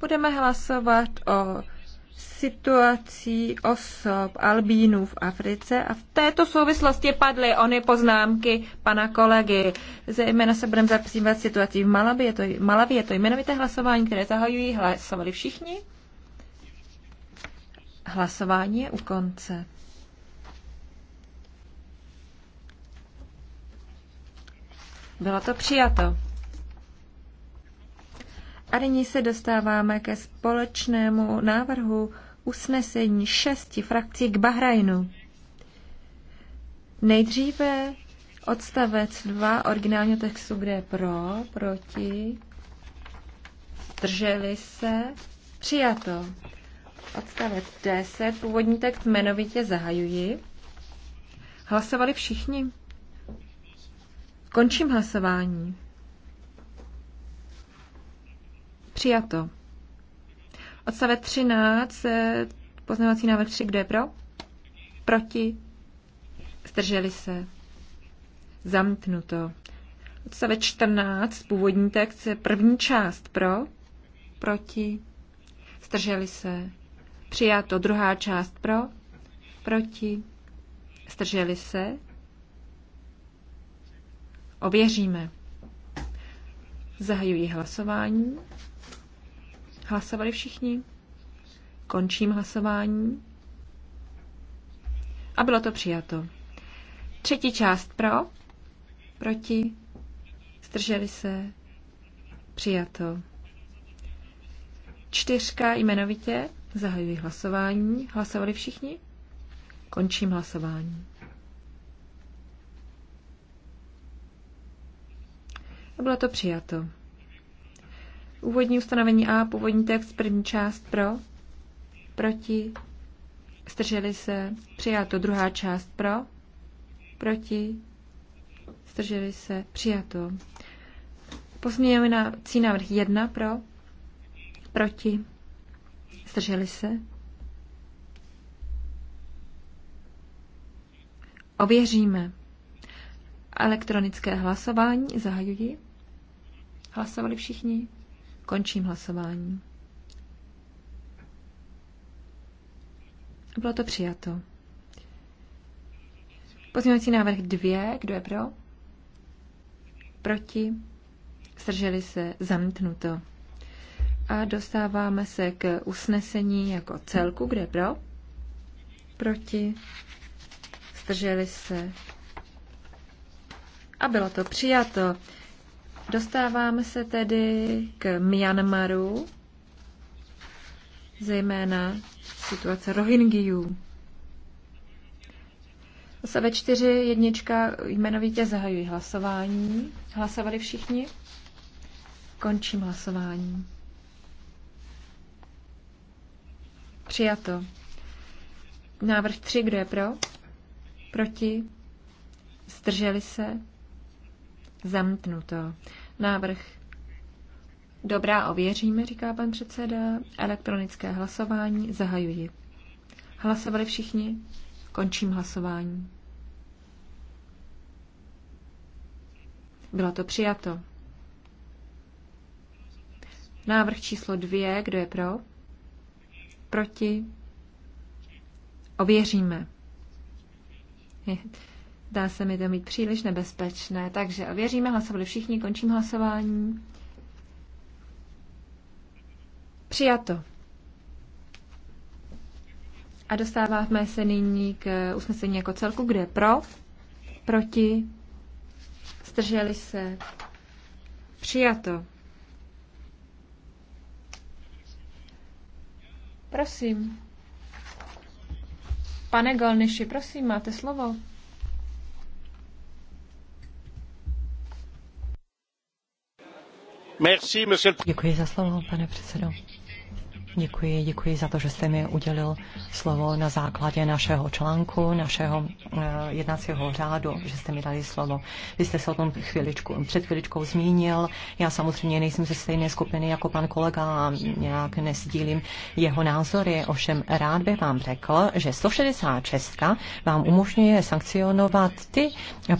Budeme hlasovat o situací osob albínů v Africe a v této souvislosti padly ony poznámky pana kolegy. Zejména se budeme zapřívat situací v Malavě. Je to, Malavě je to jmenovité hlasování, které zahajují. Hlasovali všichni? Hlasování je u konce. Bylo to přijato. A nyní se dostáváme ke společnému návrhu usnesení šesti frakcí k Bahrajnu. Nejdříve odstavec 2 originálního textu, kde je pro, proti, drželi se, přijato. Odstavec 10, původní text jmenovitě zahajuji. Hlasovali všichni. Končím hlasování. Přijato. Odstavec 13, eh, poznávací návrh 3, kdo je pro? Proti? Zdrželi se? Zamknuto. Odstavec 14, původní text, první část pro? Proti? Zdrželi se? Přijato. Druhá část pro? Proti? Zdrželi se? Ověříme. Zahajuji hlasování. Hlasovali všichni? Končím hlasování. A bylo to přijato. Třetí část pro, proti, zdrželi se, přijato. Čtyřka jmenovitě, zahajuji hlasování. Hlasovali všichni? Končím hlasování. A bylo to přijato. Úvodní ustanovení A, původní text, první část pro, proti, zdrželi se, přijato, druhá část pro, proti, zdrželi se, přijato. Pozměňovací návrh 1 pro, proti, zdrželi se. Ověříme. Elektronické hlasování zahajuji. Hlasovali všichni? Končím hlasování. Bylo to přijato. Pozměňovací návrh 2. Kdo je pro? Proti? Zdrželi se? Zamítnuto. A dostáváme se k usnesení jako celku. Kde je pro? Proti? Zdrželi se? A bylo to přijato. Dostáváme se tedy k Myanmaru, zejména situace Rohingyů. Se ve čtyři jednička jmenovitě zahajují hlasování. Hlasovali všichni? Končím hlasování. Přijato. Návrh 3, kdo je pro? Proti? Zdrželi se? Zamknuto. Návrh Dobrá, ověříme, říká pan předseda. Elektronické hlasování zahajuji. Hlasovali všichni? Končím hlasování. Bylo to přijato. Návrh číslo dvě, kdo je pro? Proti? Ověříme. Dá se mi to mít příliš nebezpečné. Takže věříme hlasovali všichni, končím hlasování. Přijato. A dostáváme se nyní k usnesení jako celku, kde je pro, proti, zdrželi se, přijato. Prosím. Pane Golniši, prosím, máte slovo. Děkuji za slovo, pane předsedo. Děkuji, děkuji za to, že jste mi udělil slovo na základě našeho článku, našeho eh, jednacího řádu, že jste mi dali slovo. Vy jste se o tom chvíličku, před chvíličkou zmínil. Já samozřejmě nejsem ze stejné skupiny jako pan kolega a nějak nesdílím jeho názory. Ovšem rád bych vám řekl, že 166 vám umožňuje sankcionovat ty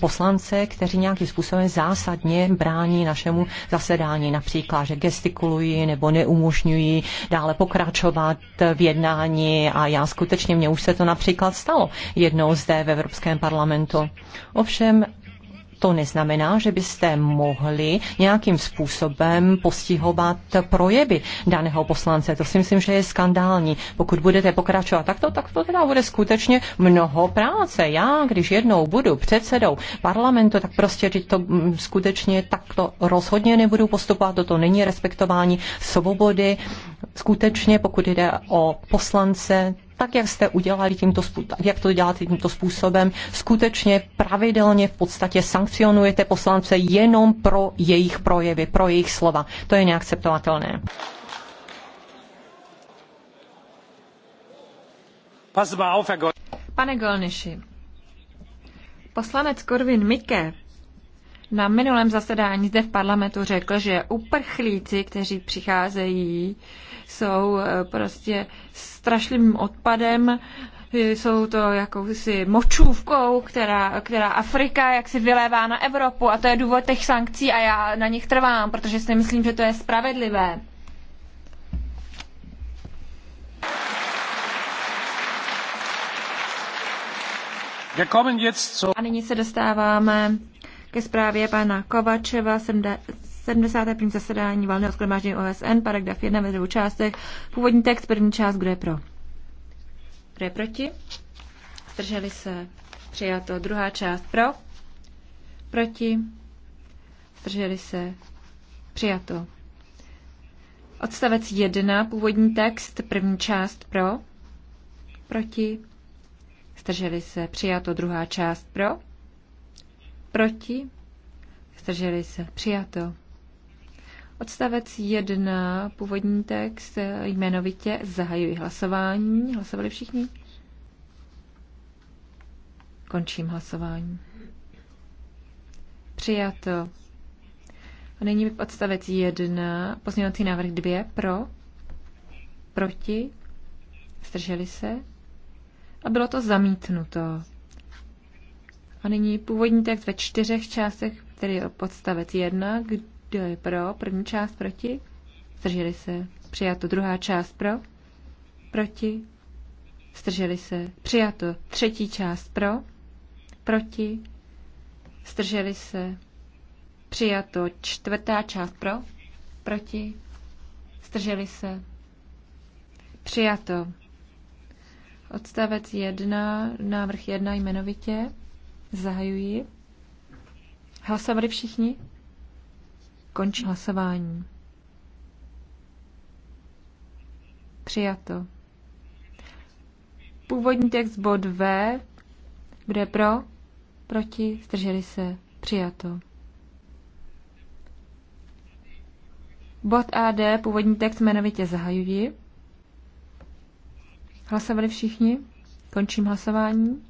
poslance, kteří nějakým způsobem zásadně brání našemu zasedání, například, že gestikulují nebo neumožňují dále pokračovat pokračovat v jednání a já skutečně, mně už se to například stalo jednou zde v Evropském parlamentu. Ovšem to neznamená, že byste mohli nějakým způsobem postihovat projevy daného poslance. To si myslím, že je skandální. Pokud budete pokračovat takto, tak to teda bude skutečně mnoho práce. Já, když jednou budu předsedou parlamentu, tak prostě že to mm, skutečně takto rozhodně nebudu postupovat. Toto není respektování svobody. Skutečně, pokud jde o poslance, tak, jak jste udělali tímto, jak to děláte tímto způsobem, skutečně pravidelně v podstatě sankcionujete poslance jenom pro jejich projevy, pro jejich slova. To je neakceptovatelné. Pane Golniši, poslanec Korvin Mike na minulém zasedání zde v parlamentu řekl, že uprchlíci, kteří přicházejí jsou eh, prostě strašlivým odpadem, eh, jsou to jakousi močůvkou, která, která Afrika jak si vylévá na Evropu a to je důvod těch sankcí a já na nich trvám, protože si myslím, že to je spravedlivé. A nyní se dostáváme ke zprávě pana Kovačeva 71. zasedání valného schromáždění OSN, paragraf 1 ve dvou částech. Původní text, první část, kdo je pro? Kdo je proti? Zdrželi se. Přijato. Druhá část pro. Proti. Zdrželi se. Přijato. Odstavec 1, původní text, první část pro. Proti. Zdrželi se. Přijato. Druhá část pro. Proti. Zdrželi se. Přijato. Odstavec 1, původní text, jmenovitě zahajuji hlasování. Hlasovali všichni? Končím hlasování. Přijato. A nyní odstavec 1, pozměňovací návrh 2, pro, proti, zdrželi se a bylo to zamítnuto. A nyní původní text ve čtyřech částech, který je podstavec 1, kdo je pro? První část proti? Zdrželi se. Přijato. Druhá část pro? Proti? Zdrželi se. Přijato. Třetí část pro? Proti? Zdrželi se. Přijato. Čtvrtá část pro? Proti? Zdrželi se. Přijato. Odstavec 1, návrh 1 jmenovitě. Zahajuji. Hlasovali všichni? Končí hlasování. Přijato. Původní text bod V. Kdo je pro? Proti? Zdrželi se? Přijato. Bod AD, původní text jmenovitě zahajuji. Hlasovali všichni? Končím hlasování.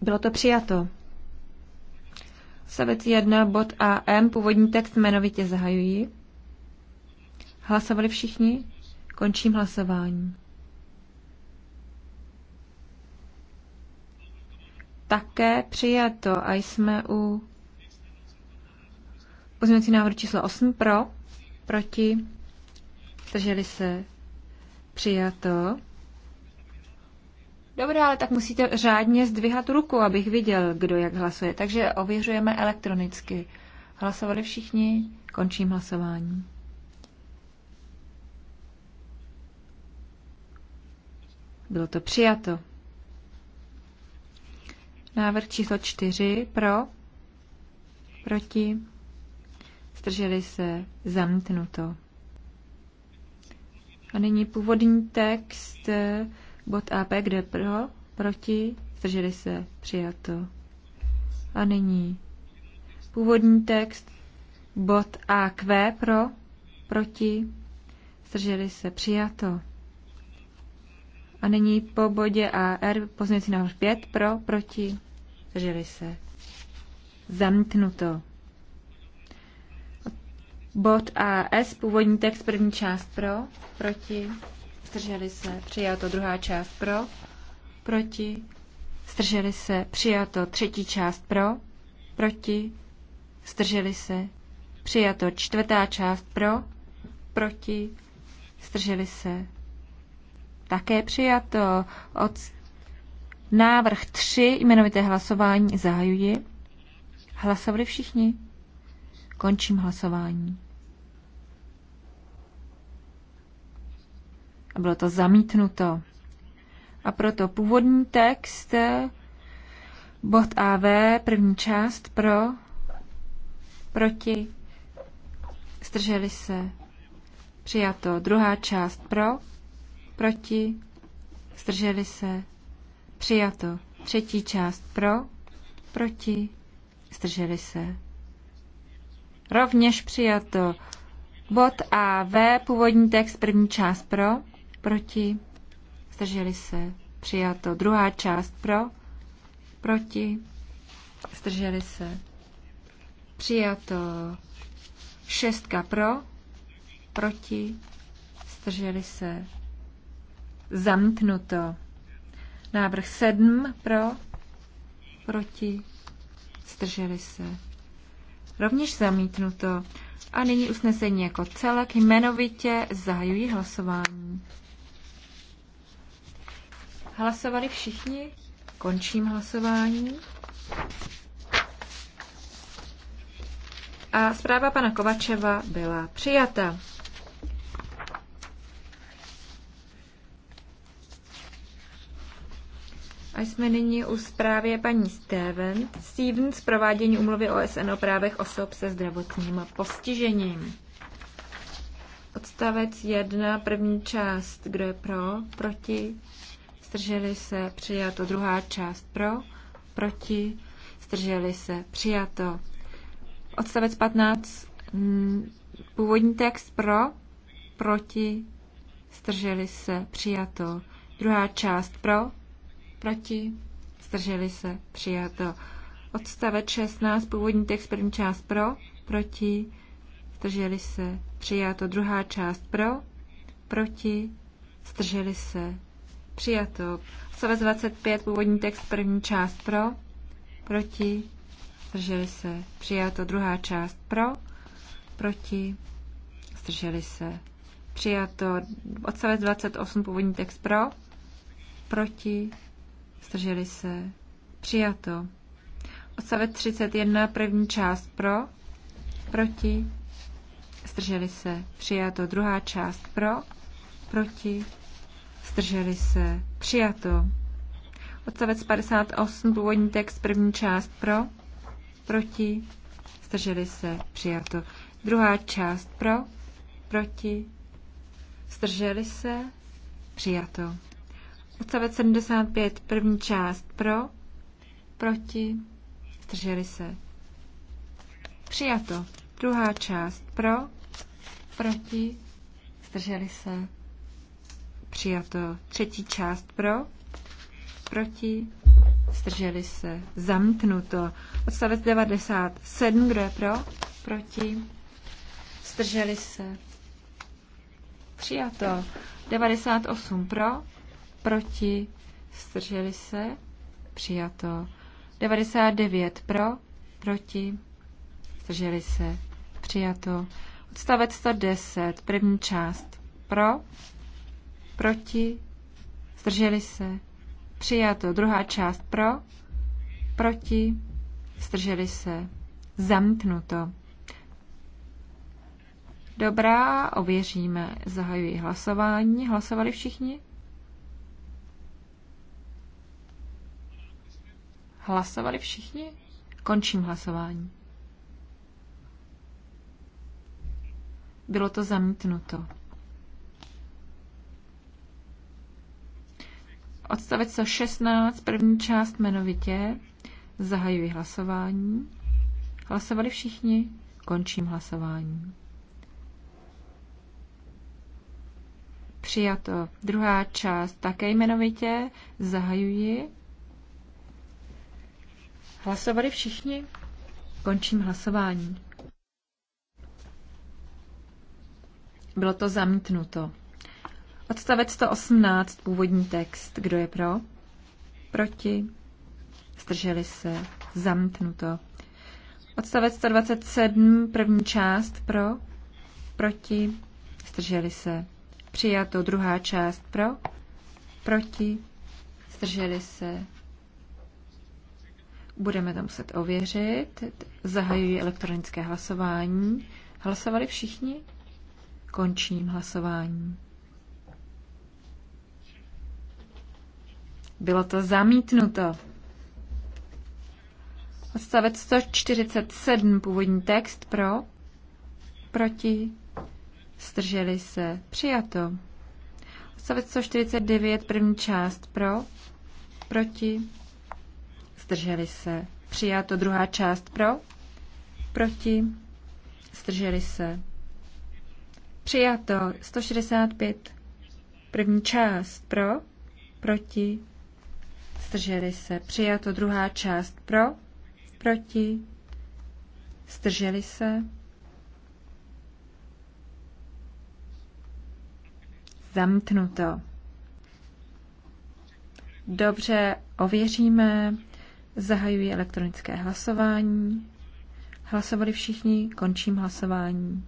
Bylo to přijato. Odstavec 1, bod AM, původní text jmenovitě zahajují. Hlasovali všichni? Končím hlasování. Také přijato a jsme u pozměnící návrh číslo 8 pro, proti, drželi se přijato. Dobře, ale tak musíte řádně zdvihat ruku, abych viděl, kdo jak hlasuje. Takže ověřujeme elektronicky. Hlasovali všichni? Končím hlasování. Bylo to přijato. Návrh číslo čtyři pro, proti, strželi se, zamítnuto. A nyní původní text Bod AP, kde pro, proti, zdrželi se, přijato. A nyní původní text, bod AQ pro, proti, zdrželi se, přijato. A nyní po bodě AR si návrh 5 pro, proti, zdrželi se. Zamítnuto. Bod AS, původní text, první část pro, proti, zdrželi se, přijato druhá část pro, proti, zdrželi se, přijato třetí část pro, proti, zdrželi se, přijato čtvrtá část pro, proti, zdrželi se, také přijato od návrh 3, jmenovité hlasování, zahajuji. Hlasovali všichni? Končím hlasování. a bylo to zamítnuto. A proto původní text, bod AV, první část pro, proti, strželi se, přijato. Druhá část pro, proti, strželi se, přijato. Třetí část pro, proti, strželi se. Rovněž přijato. Bod AV, původní text, první část pro, proti, zdrželi se, přijato. Druhá část pro, proti, zdrželi se, přijato. Šestka pro, proti, zdrželi se, zamknuto. Návrh sedm pro, proti, zdrželi se. Rovněž zamítnuto. A nyní usnesení jako celek jmenovitě zahajují hlasování. Hlasovali všichni? Končím hlasování. A zpráva pana Kovačeva byla přijata. A jsme nyní u zprávě paní Steven. Stevens provádění umluvy OSN o právech osob se zdravotním postižením. Odstavec 1, první část. Kdo je pro? Proti? zdrželi se, přijato. Druhá část pro, proti, zdrželi se, přijato. Odstavec 15, mm, původní text pro, proti, zdrželi se, přijato. Druhá část pro, proti, zdrželi se, přijato. Odstavec 16, původní text, první část pro, proti, zdrželi se, přijato. Druhá část pro, proti, zdrželi se, Přijato. Odstavec 25, původní text, první část pro, proti, zdrželi se. Přijato. Druhá část pro, proti, zdrželi se. Přijato. Odstavec 28, původní text pro, proti, zdrželi se. Přijato. Odstavec 31, první část pro, proti, zdrželi se. Přijato. Druhá část pro, proti, Zdrželi se. Přijato. Odstavec 58, původní text, první část pro, proti, zdrželi se, přijato. Druhá část pro, proti, zdrželi se, přijato. Odstavec 75, první část pro, proti, zdrželi se, přijato. Druhá část pro, proti, zdrželi se, Přijato. Třetí část pro. Proti. Zdrželi se. zamknuto. Odstavec 97. Kdo je pro? Proti. Zdrželi se. Přijato. 98 pro. Proti. Zdrželi se. Přijato. 99 pro. Proti. Zdrželi se. Přijato. Odstavec 110. První část. Pro proti, zdrželi se, přijato. Druhá část pro, proti, zdrželi se, zamknuto. Dobrá, ověříme. Zahajuji hlasování. Hlasovali všichni? Hlasovali všichni? Končím hlasování. Bylo to zamítnuto. Odstavec 16. první část jmenovitě. Zahajuji hlasování. Hlasovali všichni? Končím hlasování. Přijato. Druhá část také jmenovitě. Zahajuji. Hlasovali všichni? Končím hlasování. Bylo to zamítnuto. Odstavec 118, původní text. Kdo je pro? Proti? Zdrželi se? Zamknuto. Odstavec 127, první část pro? Proti? Zdrželi se? Přijato. Druhá část pro? Proti? Zdrželi se? Budeme to muset ověřit. Zahajuji elektronické hlasování. Hlasovali všichni? Končím hlasování. Bylo to zamítnuto. Odstavec 147, původní text pro, proti, strželi se, přijato. Odstavec 149, první část pro, proti, strželi se, přijato. Druhá část pro, proti, strželi se. Přijato 165, první část pro, proti, Zdrželi se. Přijato druhá část pro. Proti. Zdrželi se. Zamknuto. Dobře, ověříme. Zahajuji elektronické hlasování. Hlasovali všichni, končím hlasování.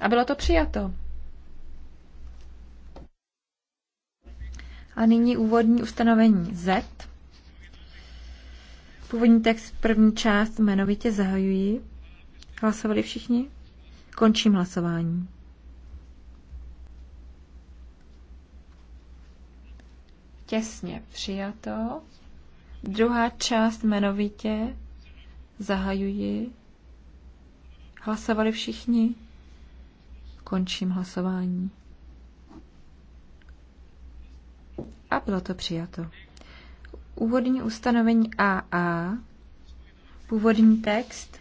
A bylo to přijato. A nyní úvodní ustanovení Z. Původní text první část jmenovitě zahajuji. Hlasovali všichni? Končím hlasování. Těsně přijato. Druhá část jmenovitě zahajuji. Hlasovali všichni? Končím hlasování. a bylo to přijato. Úvodní ustanovení AA, původní text,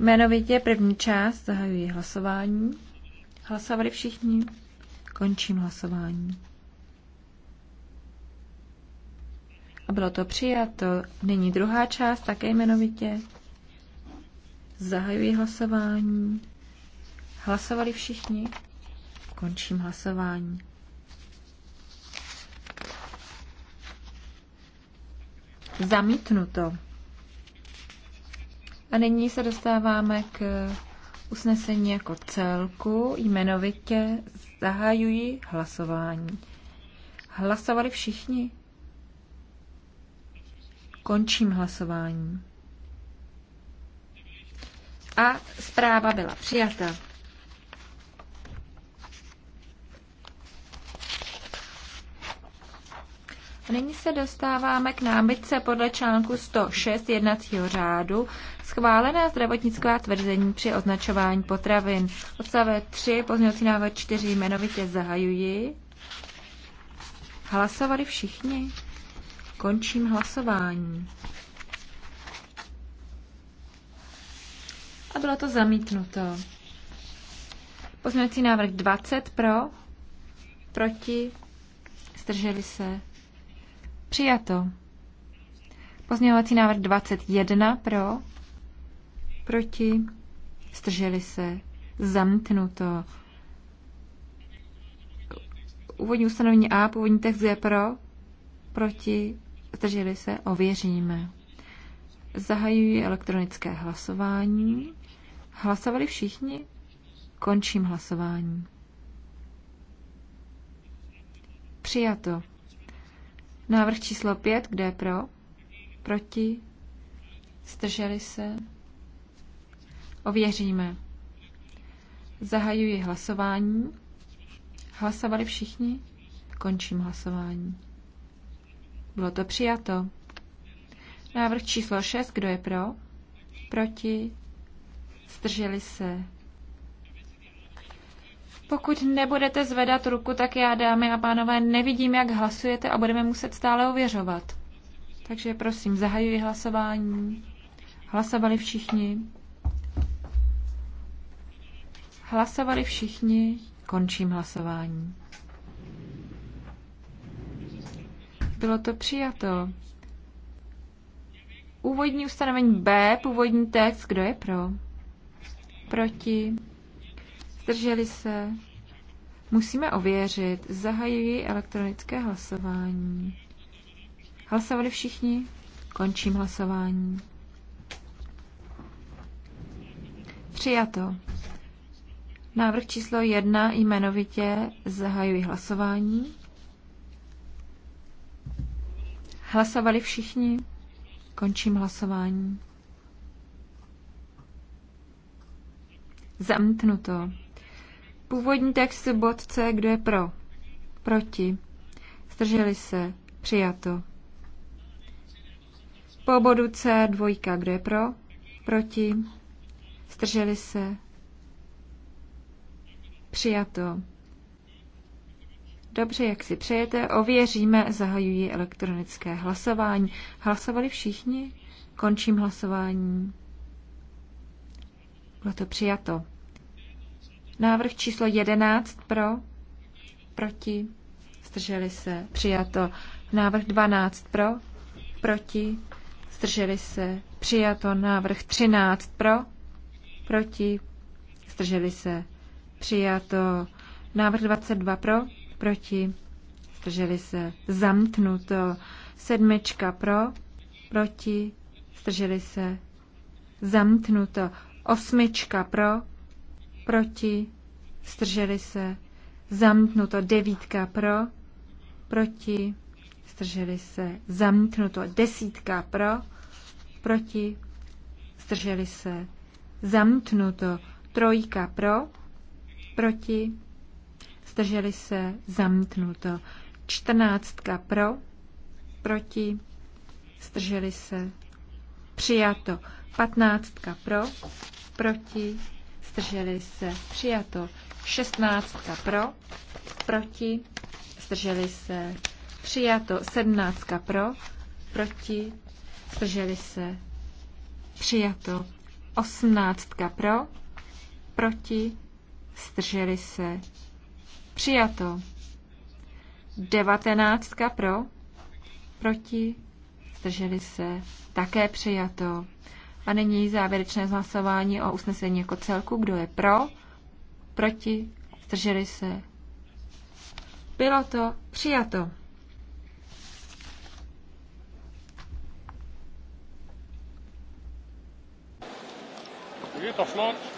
jmenovitě první část, zahajuji hlasování. Hlasovali všichni? Končím hlasování. A bylo to přijato. Nyní druhá část, také jmenovitě. Zahajuji hlasování. Hlasovali všichni? Končím hlasování. Zamítnuto. A nyní se dostáváme k usnesení jako celku. Jmenovitě zahajuji hlasování. Hlasovali všichni? Končím hlasování. A zpráva byla přijata. A nyní se dostáváme k námitce podle článku 106 jednacího řádu schválená zdravotnická tvrzení při označování potravin. Odstave 3, pozměňovací návrh 4 jmenovitě zahajuji. Hlasovali všichni? Končím hlasování. A bylo to zamítnuto. Pozměňovací návrh 20 pro, proti, zdrželi se, Přijato. Pozměňovací návrh 21 pro, proti, strželi se, zamknuto. Úvodní ustanovení A, původní text je pro, proti, Strželi se, ověříme. Zahajuji elektronické hlasování. Hlasovali všichni? Končím hlasování. Přijato. Návrh číslo 5, kde je pro? Proti? Zdrželi se? Ověříme. Zahajuji hlasování. Hlasovali všichni? Končím hlasování. Bylo to přijato. Návrh číslo 6, kdo je pro? Proti? Zdrželi se? Pokud nebudete zvedat ruku, tak já, dámy a pánové, nevidím, jak hlasujete a budeme muset stále ověřovat. Takže prosím, zahajuji hlasování. Hlasovali všichni. Hlasovali všichni. Končím hlasování. Bylo to přijato. Úvodní ustanovení B, původní text, kdo je pro? Proti? Zdrželi se? Musíme ověřit. Zahajuji elektronické hlasování. Hlasovali všichni? Končím hlasování. Přijato. Návrh číslo jedna jmenovitě zahajuji hlasování. Hlasovali všichni? Končím hlasování. Zamknuto. Původní text bod C, kdo je pro? Proti. Zdrželi se. Přijato. Po bodu C dvojka, kdo je pro? Proti. Zdrželi se. Přijato. Dobře, jak si přejete, ověříme, zahajuji elektronické hlasování. Hlasovali všichni? Končím hlasování. Bylo to přijato. Návrh číslo 11 pro, proti, zdrželi se, přijato. Návrh 12 pro, proti, zdrželi se, přijato. Návrh 13 pro, proti, zdrželi se, přijato. Návrh 22 pro, proti, zdrželi se, zamknuto. Sedmička pro, proti, zdrželi se, zamknuto. Osmička pro, proti, zdrželi se, zamknuto devítka pro, proti, zdrželi se, zamknuto desítka pro, proti, zdrželi se, zamknuto trojka pro, proti, zdrželi se, zamknuto čtrnáctka pro, proti, zdrželi se, přijato patnáctka pro, proti, zdrželi se, přijato. 16 pro, proti, zdrželi se, přijato. 17 pro, proti, zdrželi se, přijato. 18 pro, proti, zdrželi se, přijato. 19 pro, proti, zdrželi se, také přijato. A nyní závěrečné hlasování o usnesení jako celku. Kdo je pro? Proti? Zdrželi se? Bylo to přijato. Geht doch flott.